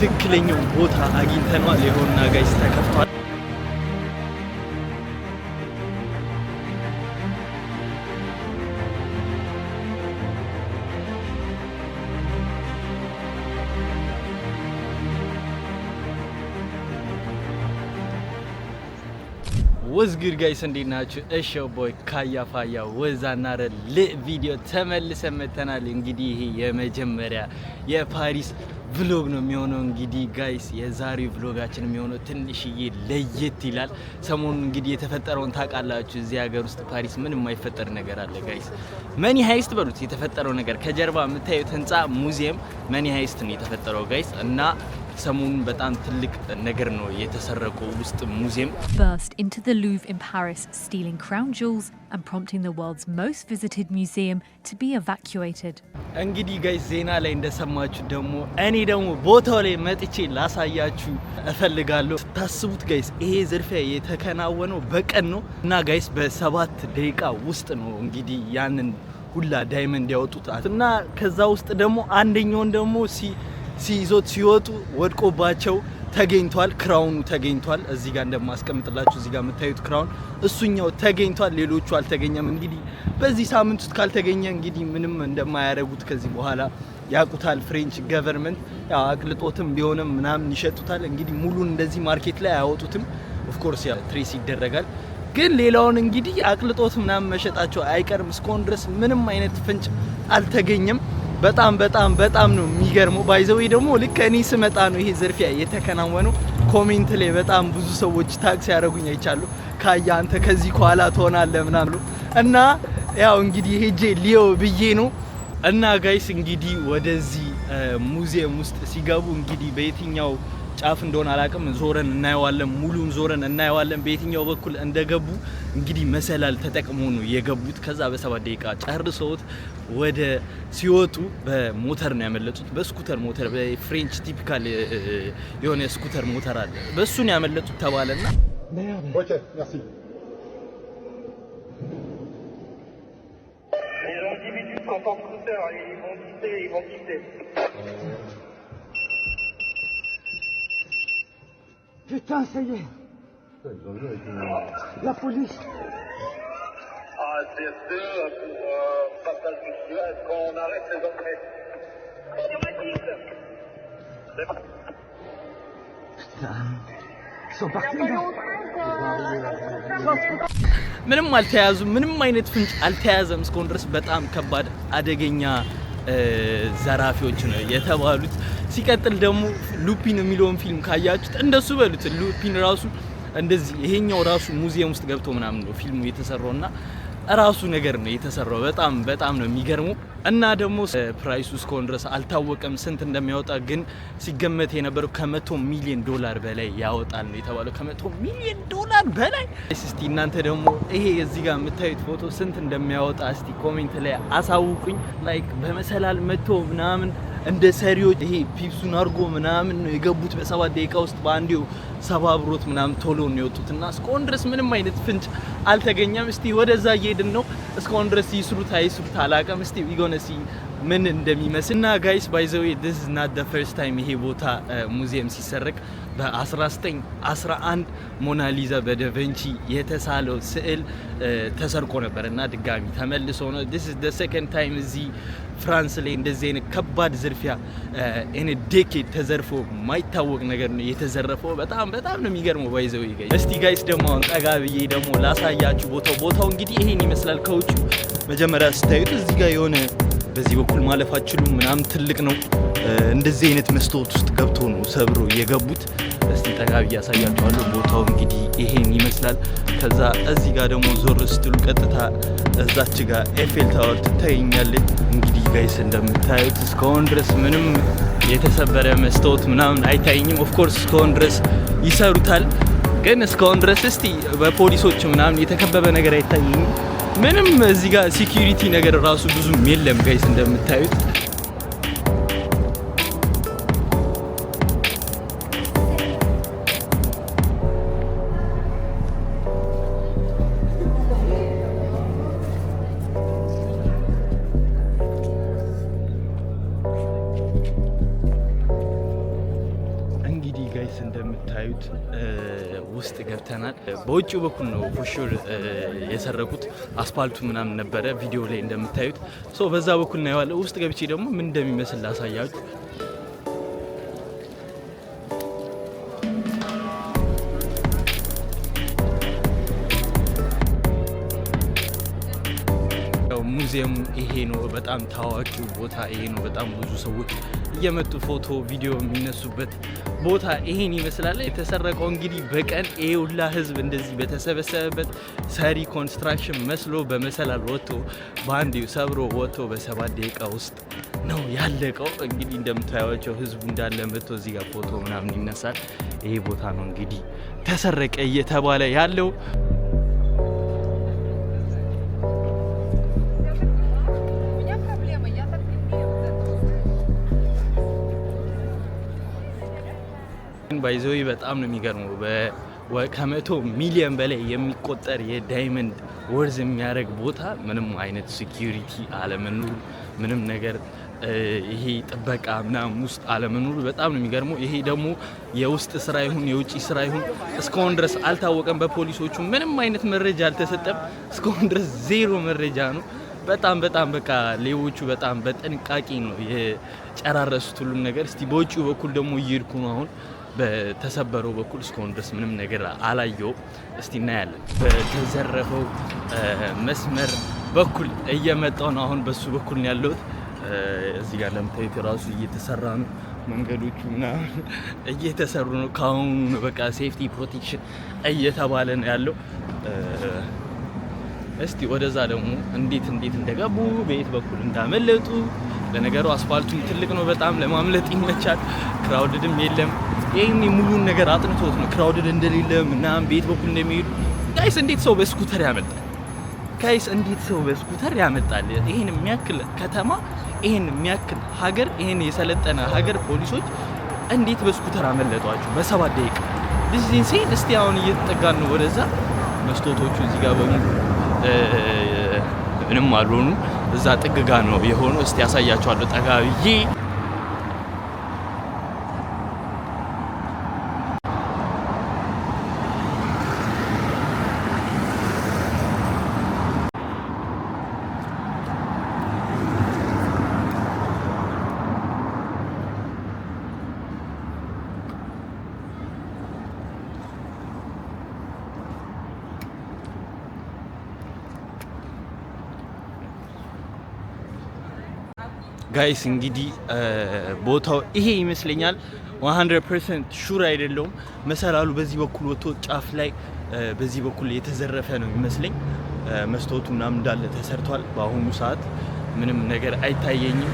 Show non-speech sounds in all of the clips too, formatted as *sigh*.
ትክክለኛው ቦታ አግኝተኗል። የሆነ ጋይስ ተከፍቷል። ወዝግድ ጋይስ እንዴት ናችሁ? እሸው ቦይ ካያ ፋያ ወዛና ረል ቪዲዮ ተመልሰን መጥተናል። እንግዲህ ይሄ የመጀመሪያ የፓሪስ ቭሎግ ነው የሚሆነው። እንግዲህ ጋይስ የዛሬው ቭሎጋችን የሚሆነው ትንሽዬ ለየት ይላል። ሰሞኑን እንግዲህ የተፈጠረውን ታውቃላችሁ። እዚህ ሀገር ውስጥ ፓሪስ ምን የማይፈጠር ነገር አለ ጋይስ። መኒ ሀይስት በሉት የተፈጠረው ነገር። ከጀርባ የምታዩት ህንፃ ሙዚየም መኒ ሀይስት ነው የተፈጠረው ጋይስ እና ሰሞኑን በጣም ትልቅ ነገር ነው የተሰረቀው ውስጥ ሙዚየም። Burst into the Louvre in Paris, stealing crown jewels and prompting the world's most visited museum to be evacuated. እንግዲህ ጋይ ዜና ላይ እንደሰማችሁ ደግሞ እኔ ደግሞ ቦታው ላይ መጥቼ ላሳያችሁ እፈልጋለሁ። ታስቡት ጋይስ ይሄ ዝርፊያ የተከናወነው በቀን ነው እና ጋይስ በሰባት ደቂቃ ውስጥ ነው እንግዲህ ያንን ሁላ ዳይመንድ ያወጡት እና ከዛ ውስጥ ደግሞ አንደኛውን ደግሞ ሲይዞት ሲወጡ ወድቆባቸው ተገኝቷል። ክራውኑ ተገኝቷል። እዚህ ጋር እንደማስቀምጥላችሁ እዚህ ጋር የምታዩት ክራውን እሱኛው ተገኝቷል። ሌሎቹ አልተገኘም። እንግዲህ በዚህ ሳምንት ውስጥ ካልተገኘ እንግዲህ ምንም እንደማያደርጉት ከዚህ በኋላ ያቁታል። ፍሬንች ገቨርንመንት ያው አቅልጦትም ቢሆንም ምናምን ይሸጡታል። እንግዲህ ሙሉን እንደዚህ ማርኬት ላይ አያወጡትም። ኦፍኮርስ ያው ትሬስ ይደረጋል። ግን ሌላውን እንግዲህ አቅልጦት ምናምን መሸጣቸው አይቀርም። እስካሁን ድረስ ምንም አይነት ፍንጭ አልተገኘም። በጣም በጣም በጣም ነው የሚገርመው። ባይዘዌ ደግሞ ልክ እኔ ስመጣ ነው ይሄ ዝርፊያ የተከናወነው። ኮሜንት ላይ በጣም ብዙ ሰዎች ታክስ ያደረጉኝ አይቻሉ። ካያ አንተ ከዚህ ከኋላ ትሆናለህ ምናምን እና ያው እንግዲህ ሄጄ ሊዮ ብዬ ነው እና ጋይስ እንግዲህ ወደዚህ ሙዚየም ውስጥ ሲገቡ እንግዲህ በየትኛው ጫፍ እንደሆነ አላቅም። ዞረን እናየዋለን፣ ሙሉን ዞረን እናየዋለን። በየትኛው በኩል እንደገቡ እንግዲህ መሰላል ተጠቅሞ ነው የገቡት። ከዛ በሰባት ደቂቃ ጨርሰውት ወደ ሲወጡ በሞተር ነው ያመለጡት። በስኩተር ሞተር፣ በፍሬንች ቲፒካል የሆነ ስኩተር ሞተር አለ፣ በእሱን ነው ያመለጡት ተባለና Putain, ça y est. La police. Ah, c'est sûr, pour passage du Suez, quand on arrête les Anglais. ምንም አልተያዙም። ምንም አይነት ፍንጭ አልተያዘም። እስካሁን ድረስ በጣም ከባድ አደገኛ ዘራፊዎች ነው የተባሉት። ሲቀጥል ደግሞ ሉፒን የሚለውን ፊልም ካያችሁት እንደሱ በሉት። ሉፒን ራሱ እንደዚህ ይሄኛው ራሱ ሙዚየም ውስጥ ገብቶ ምናምን ነው ፊልሙ የተሰራውና ራሱ ነገር ነው የተሰራው። በጣም በጣም ነው የሚገርመው። እና ደግሞ ፕራይሱ እስከሆን ድረስ አልታወቀም ስንት እንደሚያወጣ ግን ሲገመት የነበረው ከመቶ ሚሊዮን ዶላር በላይ ያወጣል ነው የተባለው። ከመቶ ሚሊዮን ዶላር በላይ እስቲ እናንተ ደግሞ ይሄ እዚህ ጋር የምታዩት ፎቶ ስንት እንደሚያወጣ እስቲ ኮሜንት ላይ አሳውቁኝ። ላይክ በመሰላል መቶ ምናምን እንደ ሰሪዎች ይሄ ፒፕሱን አድርጎ ምናምን ነው የገቡት። በሰባት ደቂቃ ውስጥ በአንዴው ሰባብሮት ምናምን ቶሎ ነው የወጡት እና እስካሁን ድረስ ምንም አይነት ፍንጭ አልተገኘም። እስቲ ወደዛ እየሄድን ነው። እስካሁን ድረስ ይስሩት አይስሩት አላውቅም። እስቲ የሆነ ምን እንደሚመስል እና ጋይስ ባይዘዌ ዲስ ኢዝ ናት ዘ ፈርስት ታይም ይሄ ቦታ uh, ሙዚየም ሲሰረቅ በ1911 ሞናሊዛ በደቨንቺ የተሳለው ስዕል uh, ተሰርቆ ነበር እና ድጋሚ ተመልሶ ነው። ዲስ ኢዝ ዘ ሰከንድ ታይም እዚህ ፍራንስ ላይ እንደዚህ አይነት ከባድ ዝርፊያ ኤን uh, ዴኬድ ተዘርፎ የማይታወቅ ነገር ነው የተዘረፈው። በጣም በጣም ነው የሚገርመው። ባይዘው ይገኝ እስቲ ጋይስ ደግሞ አሁን ጠጋ ብዬ ደግሞ ላሳያችሁ ቦታው። ቦታው እንግዲህ ይሄን ይመስላል ከውጭ መጀመሪያ ስታዩት እዚህ ጋር የሆነ በዚህ በኩል ማለፍ አችሉም ምናምን ትልቅ ነው። እንደዚህ አይነት መስታወት ውስጥ ገብቶ ነው ሰብሮ የገቡት። እስቲ ጠጋ ብዬ ያሳያቸዋለሁ። ቦታው እንግዲህ ይሄን ይመስላል። ከዛ እዚህ ጋር ደግሞ ዞር ስትሉ ቀጥታ እዛች ጋር ኤፌል ታወር ትታየኛለች። እንግዲህ ጋይስ እንደምታዩት እስካሁን ድረስ ምንም የተሰበረ መስታወት ምናምን አይታይኝም ኦፍኮርስ እስካሁን ድረስ ይሰሩታል፣ ግን እስካሁን ድረስ እስቲ በፖሊሶች ምናምን የተከበበ ነገር አይታይኝም። ምንም እዚህ ጋር ሴኩሪቲ ነገር ራሱ ብዙም የለም ጋይስ እንደምታዩት እንግዲህ እንደምታዩት ገብተናል። በውጭው በኩል ነው ፎሹር የሰረቁት። አስፓልቱ ምናምን ነበረ ቪዲዮ ላይ እንደምታዩት። ሶ በዛ በኩል እናየዋለን። ውስጥ ገብቼ ደግሞ ምን እንደሚመስል ላሳያችሁ። ሙዚየም ይሄ ነው። በጣም ታዋቂው ቦታ ይሄ ነው። በጣም ብዙ ሰዎች እየመጡ ፎቶ ቪዲዮ የሚነሱበት ቦታ ይሄን ይመስላል። የተሰረቀው እንግዲህ በቀን ይሄ ሁላ ህዝብ እንደዚህ በተሰበሰበበት ሰሪ ኮንስትራክሽን መስሎ በመሰላል ወጥቶ በአንድ ሰብሮ ወጥቶ በሰባት ደቂቃ ውስጥ ነው ያለቀው። እንግዲህ እንደምታዩቸው ህዝቡ እንዳለ መጥቶ እዚህ ጋር ፎቶ ምናምን ይነሳል። ይሄ ቦታ ነው እንግዲህ ተሰረቀ እየተባለ ያለው። ባይዘው በጣም ነው የሚገርመው። ከመቶ ሚሊዮን በላይ የሚቆጠር የዳይመንድ ወርዝ የሚያደርግ ቦታ ምንም አይነት ሴኪሪቲ አለመኖሩ ምንም ነገር ይሄ ጥበቃ ምናምን ውስጥ አለመኖሩ በጣም ነው የሚገርመው። ይሄ ደግሞ የውስጥ ስራ ይሁን የውጭ ስራ ይሁን እስካሁን ድረስ አልታወቀም። በፖሊሶቹ ምንም አይነት መረጃ አልተሰጠም። እስካሁን ድረስ ዜሮ መረጃ ነው። በጣም በጣም በቃ ሌቦቹ በጣም በጥንቃቄ ነው የጨራረሱት ሁሉም ነገር። እስቲ በውጭ በኩል ደግሞ እየሄድኩ ነው አሁን በተሰበረው በኩል እስካሁን ድረስ ምንም ነገር አላየውም። እስቲ እናያለን። በተዘረፈው መስመር በኩል እየመጣው ነው። አሁን በሱ በኩል ነው ያለሁት። እዚህ ጋር ለምታዩት ራሱ እየተሰራ ነው። መንገዶቹ ምናምን እየተሰሩ ነው። ከአሁኑ በቃ ሴፍቲ ፕሮቴክሽን እየተባለ ነው ያለው። እስቲ ወደዛ ደግሞ እንዴት እንዴት እንደገቡ በየት በኩል እንዳመለጡ። ለነገሩ አስፋልቱ ትልቅ ነው በጣም ለማምለጥ ይመቻል። ክራውድድም የለም። ይህም የሙሉን ነገር አጥንቶት ነው ክራውድድ እንደሌለ ምናምን ቤት በኩል እንደሚሄዱ ጋይስ፣ እንዴት ሰው በስኩተር ያመጣል? ጋይስ፣ እንዴት ሰው በስኩተር ያመጣል? ይህን የሚያክል ከተማ፣ ይህን የሚያክል ሀገር፣ ይህን የሰለጠነ ሀገር ፖሊሶች እንዴት በስኩተር አመለጧቸው በሰባት ደቂቃ? ዲዚን ሴ እስቲ አሁን እየተጠጋን ነው ወደዛ። መስቶቶቹ እዚህ ጋር በሙሉ ምንም አልሆኑ፣ እዛ ጥግጋ ነው የሆኑ። እስቲ ያሳያቸዋለሁ ጠጋ ብዬ ጋይስ እንግዲህ ቦታው ይሄ ይመስለኛል። 100% ሹር አይደለውም። መሰላሉ በዚህ በኩል ወጥቶ ጫፍ ላይ በዚህ በኩል የተዘረፈ ነው ይመስለኝ። መስታወቱ ምናምን እንዳለ ተሰርቷል። በአሁኑ ሰዓት ምንም ነገር አይታየኝም።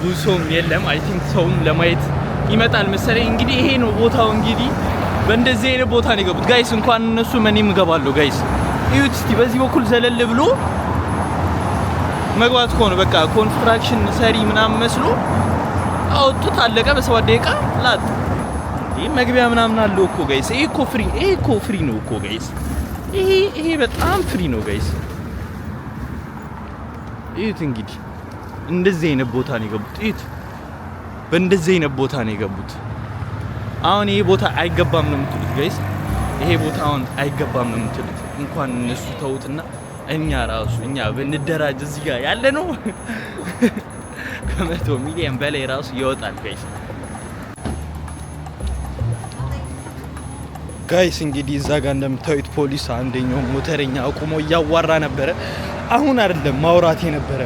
ብዙ ሰውም የለም። አይ ቲንክ ሰውም ለማየት ይመጣል መሰለኝ። እንግዲህ ይሄ ነው ቦታው። እንግዲህ በእንደዚህ አይነት ቦታ ነው የገቡት ጋይስ። እንኳን እነሱ እኔም እገባለሁ ጋይስ። እዩት እስቲ በዚህ በኩል ዘለል ብሎ መግባት ከሆነ በቃ ኮንስትራክሽን ሰሪ ምናምን መስሎ አወጡት፣ አለቀ በሰባት ደቂቃ ላጥ። ይሄ መግቢያ ምናምን አለው እኮ ጋይስ። ይሄ እኮ ፍሪ ይሄ እኮ ፍሪ ነው እኮ ጋይስ። ይሄ ይሄ በጣም ፍሪ ነው ጋይስ። እዩት እንግዲህ እንደዚህ አይነት ቦታ ነው የገቡት። እዩት በእንደዚህ አይነት ቦታ ነው የገቡት። አሁን ይሄ ቦታ አይገባም ነው የምትሉት ጋይስ። ይሄ ቦታ አሁን አይገባም ነው የምትሉት። እንኳን እነሱ ተውትና እኛ ራሱ እኛ ብንደራጅ እዚህ ጋር ያለ ነው *laughs* ከመቶ ሚሊዮን በላይ ራሱ ይወጣል። ጋይስ ጋይስ እንግዲህ እዛ ጋር እንደምታዩት ፖሊስ አንደኛው ሞተረኛ አቁሞ እያዋራ ነበረ። አሁን አይደለም ማውራት የነበረ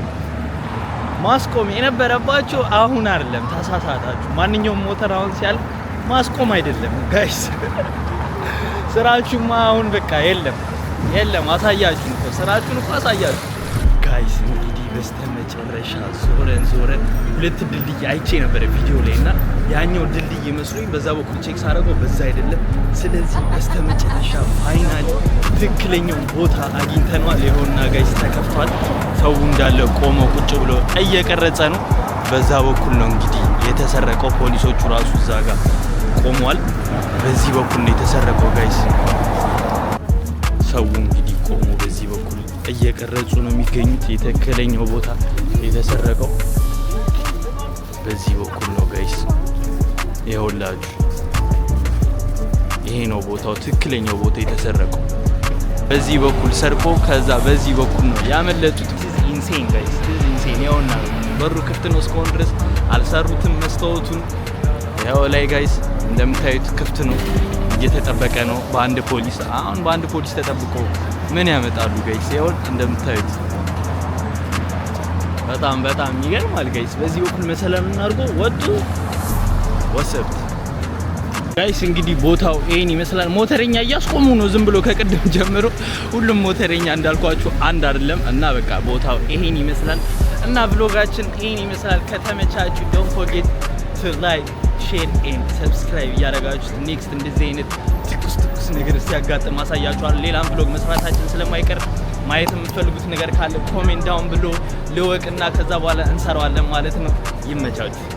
ማስቆም የነበረባቸው አሁን አይደለም። ተሳሳታችሁ። ማንኛውም ሞተር አሁን ሲያልፍ ማስቆም አይደለም ጋይስ *laughs* ስራችሁማ አሁን በቃ የለም። የለም አሳያችሁ እኮ ስራችሁን እኮ አሳያችሁ። ጋይስ እንግዲህ በስተመጨረሻ ዞረን ዞረን ሁለት ድልድይ አይቼ ነበረ ቪዲዮ ላይ እና ያኛው ድልድይ መስሎኝ በዛ በኩል ቼክ ሳደርገው በዛ አይደለም። ስለዚህ በስተመጨረሻ ፋይናል ትክክለኛው ቦታ አግኝተነዋል። የሆና ጋይስ ተከፍቷል። ሰው እንዳለ ቆሞ ቁጭ ብሎ እየቀረጸ ነው። በዛ በኩል ነው እንግዲህ የተሰረቀው። ፖሊሶቹ ራሱ እዛ ጋር ቆሟል። በዚህ በኩል ነው የተሰረቀው ጋይስ ሰው እንግዲህ ቆሞ በዚህ በኩል እየቀረጹ ነው የሚገኙት። የትክክለኛው ቦታ የተሰረቀው በዚህ በኩል ነው ጋይስ። ይኸውላችሁ ይሄ ነው ቦታው፣ ትክክለኛው ቦታ የተሰረቀው በዚህ በኩል ሰርቆ ከዛ በዚህ በኩል ነው ያመለጡት። ኢንሴን ጋይስ ኢንሴን። ይኸውና በሩ ክፍት ነው እስከሆን ድረስ አልሰሩትም። መስታወቱን ያው ላይ ጋይስ እንደምታዩት ክፍት ነው። እየተጠበቀ ነው በአንድ ፖሊስ። አሁን በአንድ ፖሊስ ተጠብቆ ምን ያመጣሉ ጋይስ? ይኸውል እንደምታዩት በጣም በጣም ይገርማል ጋይስ። በዚህ በኩል መሰለም አድርጎ ወጡ ወሰዱት ጋይስ። እንግዲህ ቦታው ይሄን ይመስላል። ሞተረኛ እያስቆሙ ነው ዝም ብሎ ከቅድም *laughs* ጀምሮ። ሁሉም ሞተረኛ እንዳልኳችሁ አንድ አይደለም እና በቃ ቦታው ይሄን ይመስላል እና ብሎጋችን ይሄን ይመስላል። ከተመቻችሁ ዶንት ፎርጌት ቱ ላይክ ሼር ኤንድ ሰብስክራይብ እያደረጋችሁት ኔክስት እንደዚህ አይነት ትኩስ ትኩስ ነገር ሲያጋጥም አሳያችኋል። ሌላም ብሎግ መስራታችን ስለማይቀር ማየት የምትፈልጉት ነገር ካለ ኮሜንት ዳውን ብሎ ልወቅና ከዛ በኋላ እንሰራዋለን ማለት ነው። ይመቻችሁ።